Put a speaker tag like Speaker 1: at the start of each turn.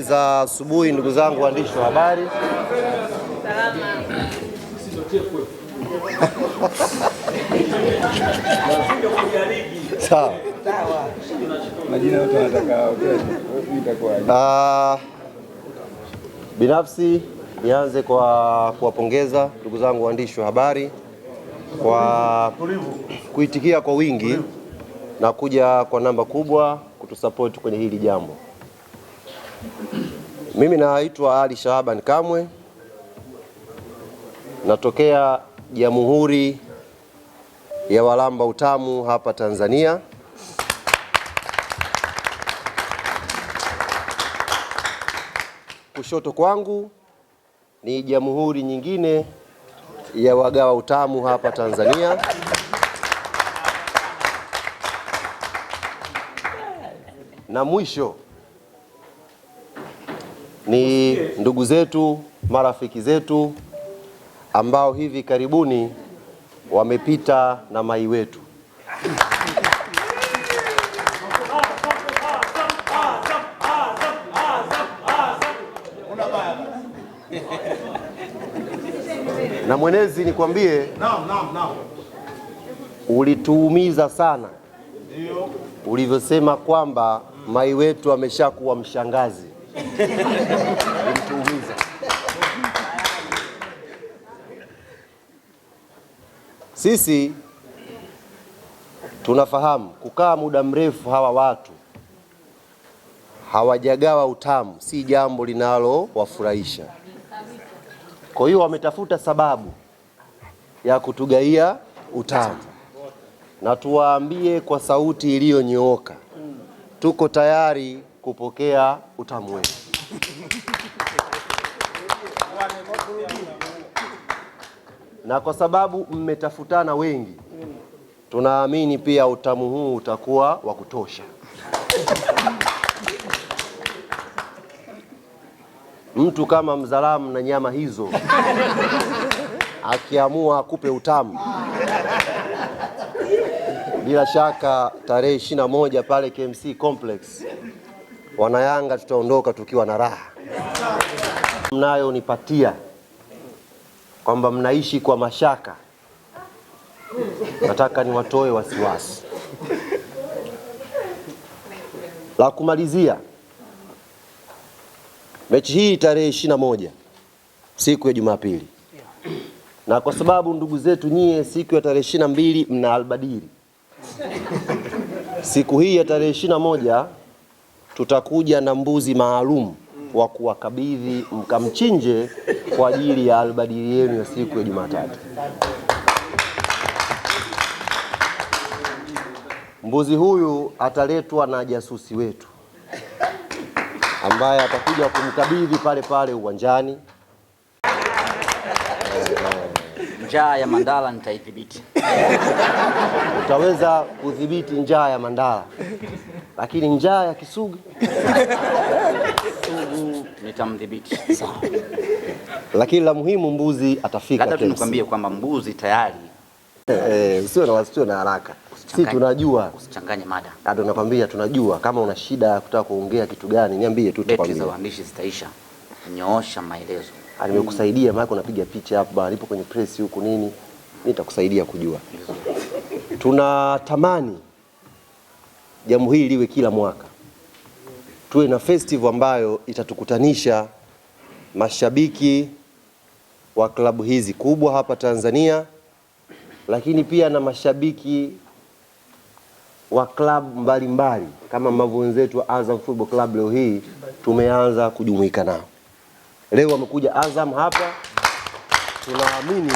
Speaker 1: za asubuhi, ndugu zangu waandishi wa habari. Sawa. Uh, binafsi nianze kwa kuwapongeza ndugu zangu waandishi wa habari kwa kuitikia kwa wingi na kuja kwa namba kubwa kutusapoti kwenye hili jambo. Mimi naitwa Ali Shahaban Kamwe, natokea Jamhuri ya Walamba Utamu hapa Tanzania. Kushoto kwangu ni jamhuri nyingine ya wagawa utamu hapa Tanzania. Na mwisho ni ndugu zetu, marafiki zetu ambao hivi karibuni wamepita na mai wetu. Na mwenezi, nikwambie, ulituumiza sana ulivyosema kwamba mai wetu ameshakuwa mshangazi. Sisi tunafahamu kukaa muda mrefu, hawa watu hawajagawa utamu, si jambo linalowafurahisha. Kwa hiyo wametafuta sababu ya kutugaia utamu, na tuwaambie kwa sauti iliyonyooka, tuko tayari kupokea utamu wetu. Na kwa sababu mmetafutana wengi, tunaamini pia utamu huu utakuwa wa kutosha. Mtu kama Mzalamu na nyama hizo akiamua akupe utamu, bila shaka tarehe 21 pale KMC Complex Wanayanga tutaondoka tukiwa na raha mnayonipatia kwamba mnaishi kwa mashaka, nataka niwatoe wasiwasi. La kumalizia, mechi hii tarehe ishirini na moja siku ya Jumapili, na kwa sababu ndugu zetu nyie, siku ya tarehe ishirini na mbili mna albadiri, siku hii ya tarehe ishirini na moja tutakuja na mbuzi maalum wa kuwakabidhi mkamchinje kwa ajili ya albadili yenu ya siku ya Jumatatu. Mbuzi huyu ataletwa na jasusi wetu ambaye atakuja kumkabidhi pale pale uwanjani.
Speaker 2: Njaa ya Mandala nitaidhibiti.
Speaker 1: Utaweza kudhibiti njaa ya Mandala lakini njaa ya kisugu nitamdhibiti. Sawa. Lakini la muhimu mbuzi atafika. Labda
Speaker 2: tunakwambia kwamba mbuzi tayari.
Speaker 1: Eh, usio eh, na wasio na haraka. Si tunajua. Usichanganye mada. Hata nakwambia tunajua kama una shida kutaka kuongea kitu gani niambie tu tukwambie. Beti
Speaker 2: za waandishi zitaisha. Nyoosha maelezo.
Speaker 1: Ah, nimekusaidia maana unapiga picha hapa, alipo kwenye press huko nini? Nitakusaidia kujua. Tunatamani jambo hili liwe kila mwaka, tuwe na festival ambayo itatukutanisha mashabiki wa klabu hizi kubwa hapa Tanzania, lakini pia na mashabiki wa klabu mbalimbali kama ambavyo wenzetu wa Azam Football Club leo hii tumeanza kujumuika nao. Leo wamekuja Azam hapa, tunaamini